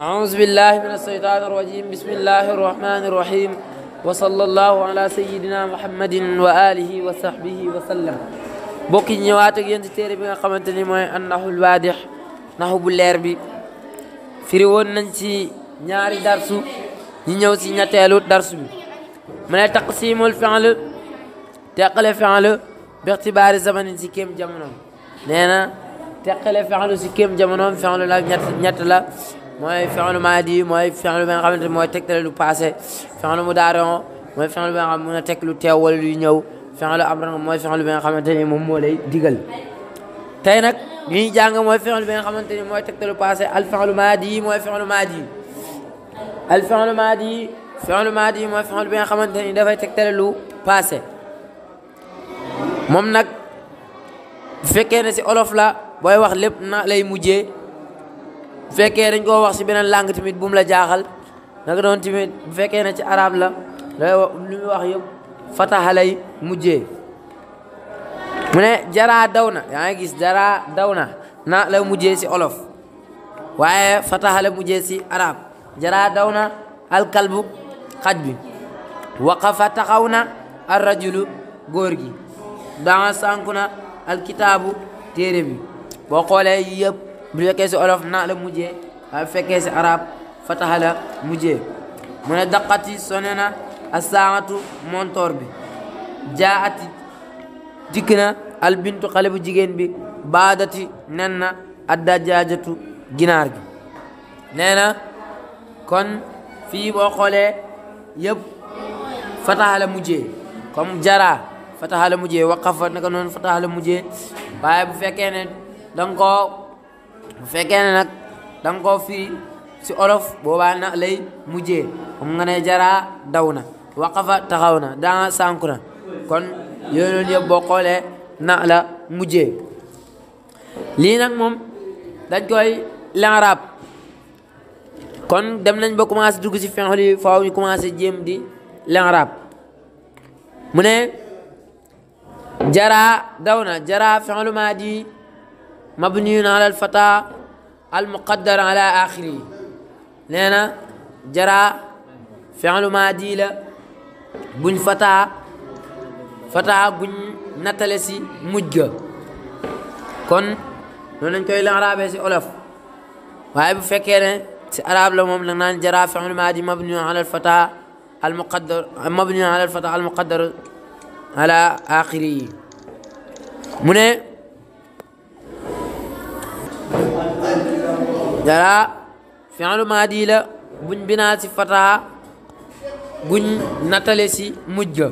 أعوذ بالله من الشيطان الرجيم بسم الله الرحمن الرحيم وصلى الله على سيدنا محمد وآله وصحبه وسلم bokk yi ñëwaat ak yéen ci téere bi nga xamante ni mooy an-nahul waadih naxu bu leer bi firi woon nañ ci ñaari darsu ñi ñëw ci ñetteelu darsu bi mu ne taqsimul fi'l teqale fi'l bi ixtibaari zamanin ci kéem jamonoom nee na teqale fi'l ci kéem jamonoom fi'l la ñett ñett la mooy fi'lu maadi mooy fi'lu bi nga xamante mooy tegtale lu passé fi'lu mudaari mooy fi'lu bi nga xam a teg lu teew wala luy ñëw fi'lu amr mooy fi'lu bi nga xamante ni moom moo lay digal tey nag li ñu jàng mooy fi'lu bi nga xamante ni mooy tegtale lu passé al fi'lu maadi mooy fi'lu maadi al fi'lu maadi fi'lu maadi mooy fi'lu bi nga xamante ni dafay tegtale lu passé moom nag fekkee ne si olof la booy wax lépp na lay mujje bu fekkee dañ koo wax si beneen langue tamit bu la jaaxal naka doon tamit bu fekkee na ci araab la lay lu muy wax yëpp fataha lay mujjee mu ne jaraa daw na yaa ngi gis jaraa daw na na la mujjee si olof waaye fataha la mujjee si arab jaraa daw na alkalbu xaj bi waqafa taxaw na ar rajulu góor gi daa sànku na kitaabu téere bi boo xoolee yëpp bu fekkee si olof na la mujjee waaye bu fekkee si arab fataha mujjee mu ne daqati sone na asaatu montoor bi jaati dikk na albintu xale bu jigéen bi baadati nen na addajajatu ginaar gi nee kon fii boo xoolee yëpp fataha la mujjee comme jara fataha la mujjee waqafa naka noonu fataha mujjee waaye bu fekkee ne danga bu fekkee ne nag danga koo firi si olof boobaa na lay mujjee xam nga ne jaraa daw na waqafa taxaw na daa sànku na kon yooyu noonu yëpp boo xoolee na la mujjee lii nag moom dañ koy lanraab kon dem nañ ba commencé dugg si fenxol yi faaw ñu commencé jéem di lanraab mu ne jaraa daw na jaraa fenxolu maa di mabniyun ala alfata almuqaddar ala axiri nee na jaraa fi'lu maadi la buñ fataa fataa buñ natale si mujj ga kon noonu lañ koy lanraabee si olof waaye bu fekkee ne si arab la moom nag naan jaraa fi'lu maadi mabniyun ala alfata almuqaddar mabniyun ala alfata mu ne jaraa fi'lu maadi la buñ binaa si fataa buñ si mujj ga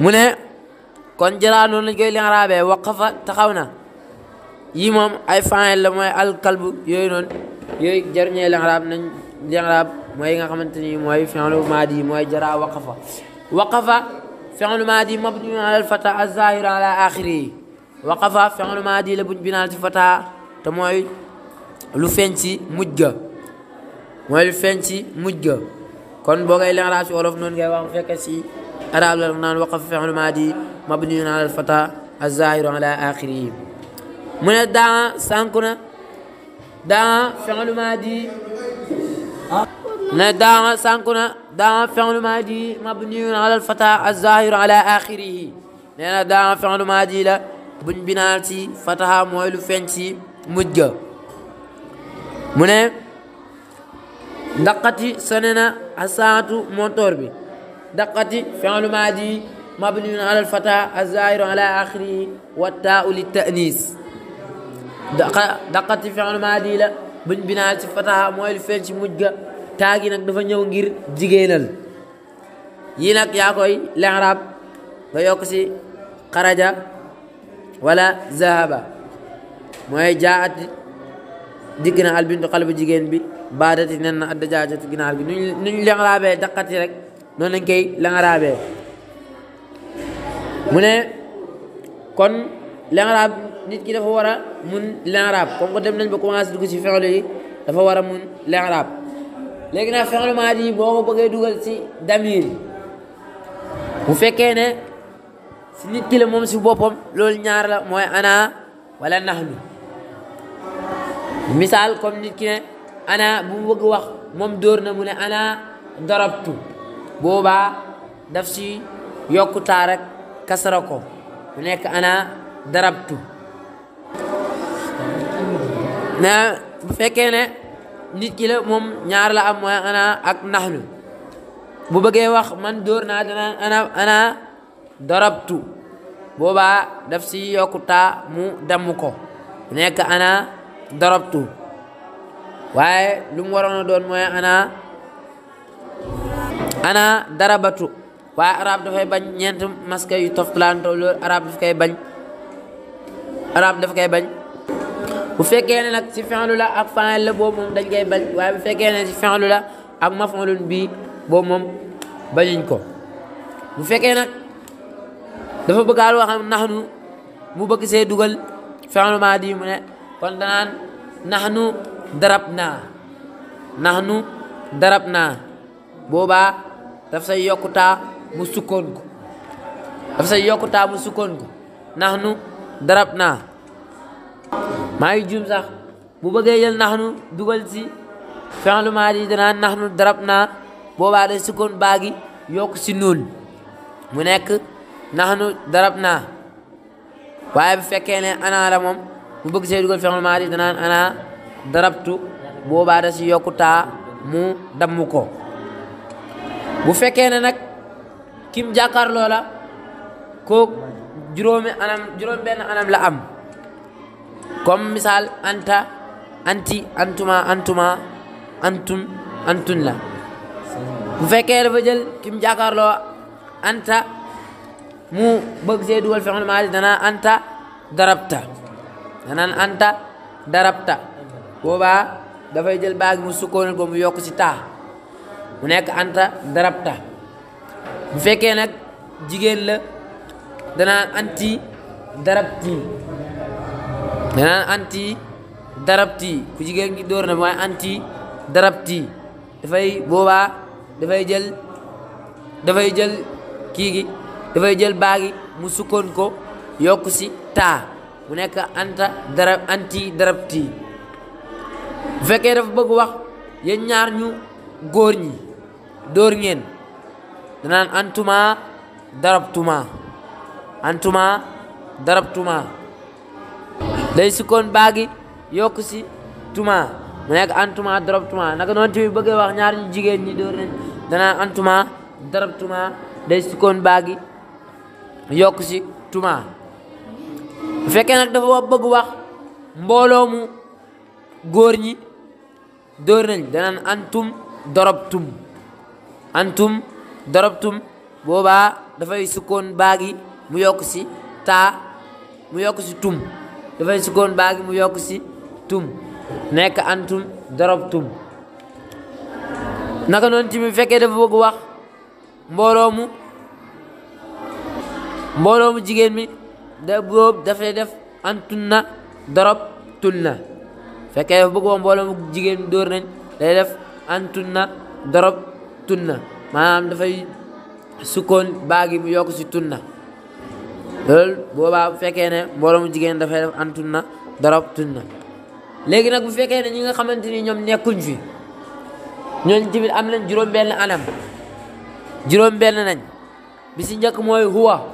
mu ne kon jaraa noonu lañ koy li'raabee waqafa taxaw na yi moom ay faa'il la mooy alkalbu yooyu noonu yooyu jarñee li'raab nañ li'raab mooy yi nga xamante ni mooy fi'lu maadi mooy jaraa waqafa waqafa fi'lu maadi mabniyun alal fataa az-zaahir ala axiri waqafa fi'lu la buñ binaa si te mooy lu feeñ ci mujj ga mooy lu feeñ ci mujj ga kon boo koy leeral ci wolof noonu ngay wax bu ci arab la naan na daa fi'l maadi maadi mabniyun ala al-fata az-zaahiru ala axirihi nee maadi la buñ fataha mooy lu feeñ mujj mu ne daqati sone na asaatu montoor bi daqati fi'lu maadi mabniyun ala alfata azzahiru ala axirihi wa taa'u litta'niis daqati fi'lu maadi la buñ binaal ci fataha mooy lu ci mujj taagi nag dafa ñëw ngir jigéenal yi nag yaa koy lirab nga yokk si wala zahaba mooy jaat dikk na albintu xale bu jigéen bi baadati nen na adda jaajati ginaar gi nuñ langaraabee daqati rek noonu lañ koy langaraabee mu ne kon langaraab nit ki dafa war a mun langaraab comme ko dem nañ ba commencé dugg ci fexlu dafa war a mun langaraab léegi nag fexlu maadi yi boo ko bëggee dugal ci damir bu fekkee ne si nit ki la moom si boppam loolu ñaar la mooy ana wala nahnu misaal comme nit ki ne ana bu mu bëgg wax moom dóor na mu ne ana darabtu boobaa daf si yokku taa rek nekk ana darabtu na bu fekkee ne nit ki la moom ñaar la am mooy ana ak naxnu bu bëggee wax man dóor naa dana ana ana darabtu boobaa daf si yokku mu damm ko ana darabtu waaye lu mu waroon a doon mooy ana ana darabatu waaye arab dafay bañ ñeent maska yu toftalantoo loolu arab daf koy bañ bu fekkee ne nag ci fi'lu la ak fa'il la boobu moom dañ koy bañ waaye bu fekkee ne ci fi'lu la ak maf'ulun bi boobu moom bañuñ ko bu fekkee nag dafa bëggaal waxam naxnu mu bëgg see dugal fi'lu maadi mu ne kon danaan naxnu darab naa naxnu darab naa booba daf say yokkutaa mu sukkoon ko daf say yokkutaa mu sukkoon ko naxnu darab naa maa ngi jum sax bu bëggee jël nu dugal si fenlu maa di danaan nu darab naa booba day sukkoon baagi yokk si nuun mu nekk naxnu darab naa waaye bu fekkee ne ana moom mu bëgg see dugal fi'il maadi danaan ana darabtu boobaa da si yokku taa mu damm ko bu fekkee ne nag kim jàkkaarloo la ko juróomi anam juróom benn anam la am comme misaal anta anti antuma antuma antum antun la bu fekkee dafa jël kim jàkkaarloo anta mu bëgg see dugal fi'il maadi danaan anta darabta danaan anta darabta boobaa dafay jël baag mu sukkoonal ko mu yokk ci taa mu nekk anta darabta bu fekkee nag jigéen la danaan anti darabti danaan anti darabti ku jigéen gi dóor na mooy anti darabti dafay boobaa dafay jël dafay jël kii gi dafay jël baagi mu sukkoon yokk si taa mu nekk anta darab anti darab tii bu fekkee dafa bëgg wax yéen ñaar ñu góor ñi dóor ngeen danaan antuma darab tuma antuma darab tuma day sukkoon baagi yokk si tuma mu nekk antuma darab tuma naka noonu tamit bëggee wax ñaar ñu jigéen ñi dóor ngeen danaan antuma darab tuma day sukkoon baagi yokk si tuma bu fekkee nag dafa bëgg wax mbooloomu mu góor ñi dóor nañ danaan antum dorobtum antum dorobtum boobaa dafay sukkoon baagi mu yokk si taa mu yokk si tum dafay sukkoon baagi mu yokk si tum nekk antum dorobtum naka noon tamit bu fekkee dafa bëgg wax mbooloomu mbooloomu jigéen mi da góob dafay def antunna dorob tunna fekkee daf bëgg woo mbooloo mu jigéen dóor nañ day def antunna dorob tunna maanaam dafay sukkoon baagi mu yokk si tunna loolu boobaa bu fekkee ne mbooloo mu jigéen dafay def antunna dorob tunna léegi nag bu fekkee ne ñi nga xamante ni ñoom nekkuñ fi ñooñ tamit am nañ juróom benn anam juróom benn nañ bi si njëkk mooy huwa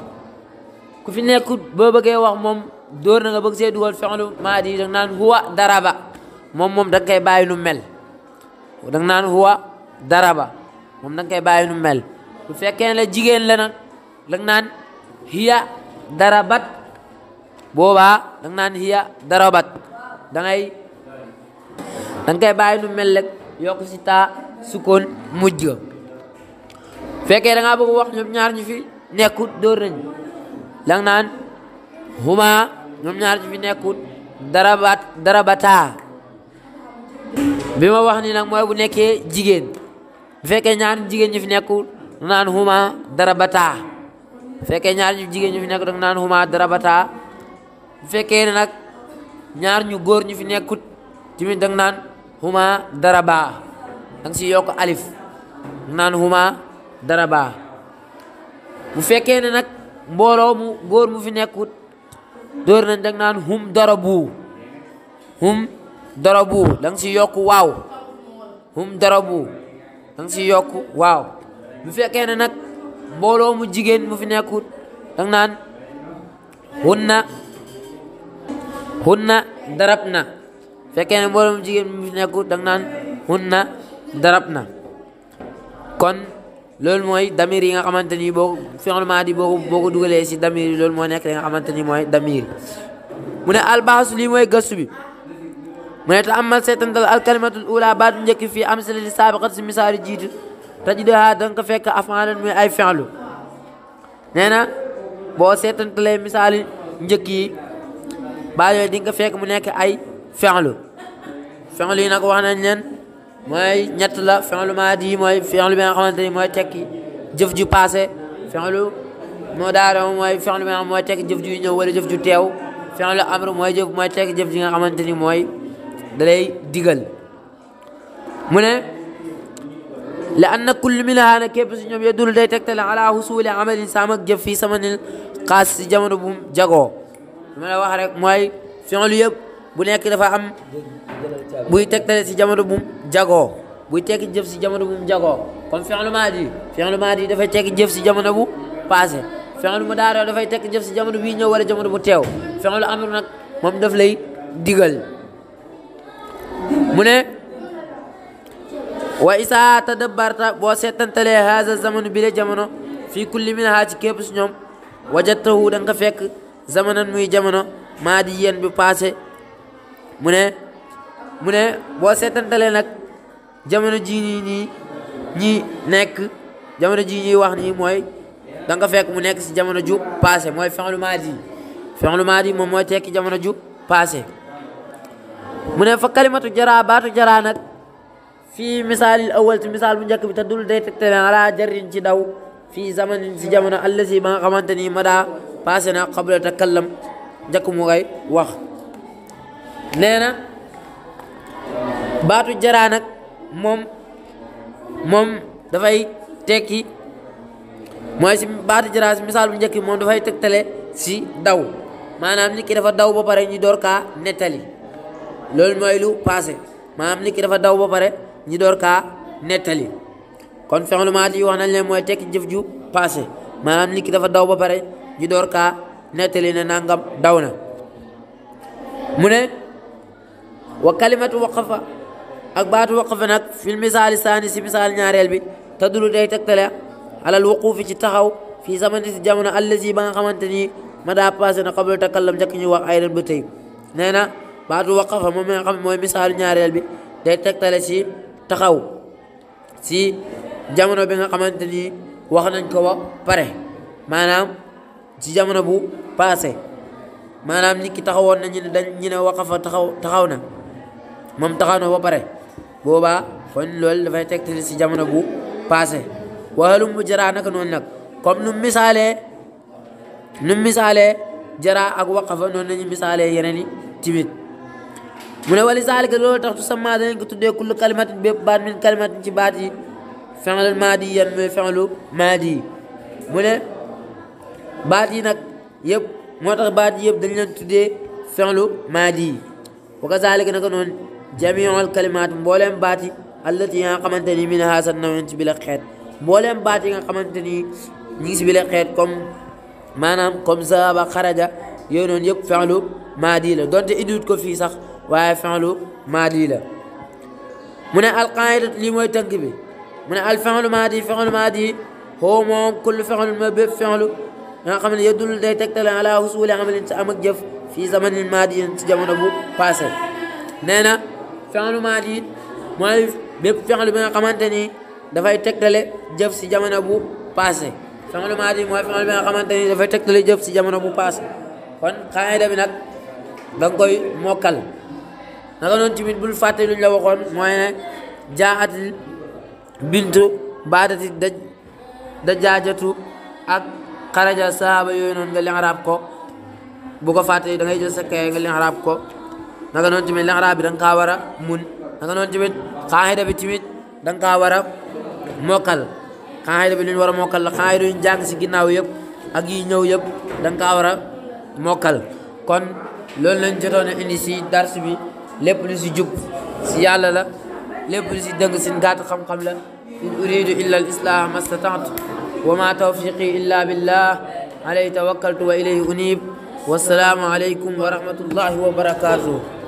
ku fi nekk boo bëggee wax moom dóor na nga bëgg see dugal fexlu maa di danga naan huwa daraba moom moom danga koy bàyyi nu mel danga naan huwa daraba moom danga koy bàyyi nu bu fekkee la jigéen la nag danga naan hiya darabat boobaa danga naan hiya darabat dangay danga koy bàyyi nu mel rek yokk si taa sukkoon mujj fekkee da ngaa bëgg wax ñoom ñaar nekkut dóor nañu lang naan huma ñoom ñaar ci fi nekkut darabat darabata bi ma wax ni nag mooy bu nekkee jigéen bu fekkee ñaar jigéen ñi fi nekkul naan huma darabata bu fekkee ñaar ñu jigéen ñi fi nekkut naan huma darabata bu fekkee ne nag ñaar ñu góor ñu fi nekkut tamit dang naan huma daraba dang si yokk alif naan huma daraba bu fekkee ne nag mbooloo mu góor mu fi nekkut dóor nañ dag naan hum darabu hum darabu da nga si yokku waaw hum darabu da nga si yokku waaw bu fekkee ne nag mbooloo mu jigéen mu fi nekkut dag naan hunna hunna darab na fekkee ne mbooloo mu jigéen mu fi nekkut dag naan hunna darab na kon loolu mooy damir yi nga xamante ni boo fi'l maadi boo boo ko dugalee si damir yi loolu moo nekk li nga xamante ni mooy damir mu ne albaxasu lii mooy gëstu bi mu ne te amal seetantal alkalimatul ula baat njëkk fii am si li saabiqat si misaari jiitu tajidaha da nga ko fekk afaalan muy ay fi'lu nee na boo seetantalee misaali njëkk yi baat yooyu di nga ko mu nekk ay fi'lu fi'lu yi nag wax nañ leen mooy ñett la fi'lu maadi mooy fi'lu bi nga xamante mooy tekki jëf ju passé fi'lu mudaari mooy fi'lu bi nga xam mooy tekki jëf wala jëf ju teew fi'lu amr mooy jëf mooy tekki jëf ji nga xamante ni mooy dalay digal mu ne la anna kullu minhaa na képp si ñoom yadullu day tegtale ala husuli amalin saam jëf fii sama nil si jamono bu jagoo ma la wax mooy fi'lu yëpp bu nekk dafa am buy tegtale si jamono bu jagoo buy tekki jëf si jamono bu mu jagoo comme fi'lu maadi fi'lu maadi dafay tekki jëf si jamono bu passé fi'lu mudaari dafay tekki jëf si jamono bii ñëw wala jamono bu teew fi'lu amr nag moom daf lay digal mu ne wa isaa tadabbarta boo seetantalee haza zamanu bi le jamono fii kulli min haa ci képp si ñoom wajatahu da nga fekk zamanan muy jamono maadi yéen bi passé mu ne mu ne boo seetantalee nag jamono jii nii nii ñi nekk jamono jii ñuy wax nii mooy da fekk mu nekk si jamono ju passé mooy fi'lu maadi fi'lu maadi moom mooy tekki jamono ju passé mu ne fa kalimatu jaraa baatu jaraa nag fii misaalil awal ci misaal bu njëkk bi ta dul day tegtale ala jarin ci daw fii zamanin si jamono allasi ba nga xamante ni ma daa passé na xabla takallam njëkk mu ngay wax nee na baatu jaraa nag moom moom dafay tekki mooy si baati jaraas misaal bu njëkk moom dafay tegtale si daw maanaam nit dafa daw ba pare ñu door kaa nettali loolu mooy lu passé maanaam nit dafa daw ba pare ñu door kaa nettali kon fexlu maat wax nañ leen mooy tekki jëf ju passé maanaam nit dafa daw ba pare ñu door kaa nettali ne nangam daw na mu ne wa kalimatu ak baatu waqf nag fil misaali saani si misaal ñaareel bi tadulu day tegtale alal wuquufi ci taxaw fii zamani si jamono allazi ba nga xamante madaa ma na passé na qabla takallam njëkk ñu wax aydan ba tey nee na baatu waqafa moom mi nga xam mooy misaalu ñaareel bi day tegtale si taxaw si jamono bi nga xamante nii wax nañ ko ba pare maanaam si jamono bu passé maanaam nit ki taxawoon na ñu ne dañ ñu ne waqafa taxaw taxaw na moom taxaw na ba pare boobaa kon loolu dafay tegtali si jamono bu passé waalum bu jara naka noonu nag comme nu misaalee nu misaalee jaraa ak waqafa noonu nañu misaalee yeneen i timit mu ne wali saalika loolu tax tu sama dañ ko tuddee kullu kalimatin bépp baat min kalimatin ci baat yi fenlu maadi yan mooy fenlu maadi mu ne baat yi nag yëpp moo tax baat yi da dañ tudde tuddee fenlu maadi wa kazaalika naka noonu jamiul kalimaat mbooleem baat yi allati nga xamante min haasa nawin ci bi la xeet mbooleem baat yi nga xamante ni si bi la kom comme maanaam comme zaaba xaraja yooyu noonu yëpp fenlu maadi la donte ko fii sax waaye fenlu maadi la mu ne alqaidatu lii mooy tënk bi mu ne al fenlu maadi fenlu maadi hoo moom kullu fenlu ma bépp fenlu nga xam ne yeddul day tegtale ala husuli amalin sa am ak jëf fii zamanin maadi ci jamono bu passé nee fexlu maadit mooy bépp fexlu bi nga xamante ni dafay tegtale jëf si jamono bu passé fexlu maadit mooy fexlu bi nga xamante ni dafay tegtale jëf si jamono bu passé kon xaayida bi nag da nga koy mokkal naka noonu tamit bul fàtte lu ñu la waxoon mooy ne jaat bintu baatati da da jaajatu ak xaraja saaba yooyu noonu nga li arab ko bu ko fàtte da ngay jël sa kay nga li arab ko naka noonu tamit laxaraa bi da nga kaa war a mun naka noonu tamit xaaxida bi tamit da nga kaa war a mokkal xaaxida bi lu ñu war a mokkal la xaaxida yu ñu jàng si ginnaaw yëpp ak yi ñëw yëpp da nga kaa war a mokkal kon loolu lañ jotoon a indi si dars bi lépp lu si jub si yàlla la lépp lu si dëng sin gàtt xam-xam la in uridu illa al islah mastata'tu wa ma tawfiqi illa billah alayhi tawakkaltu wa ilayhi unib والسلام عليكم ورحمة الله وبركاته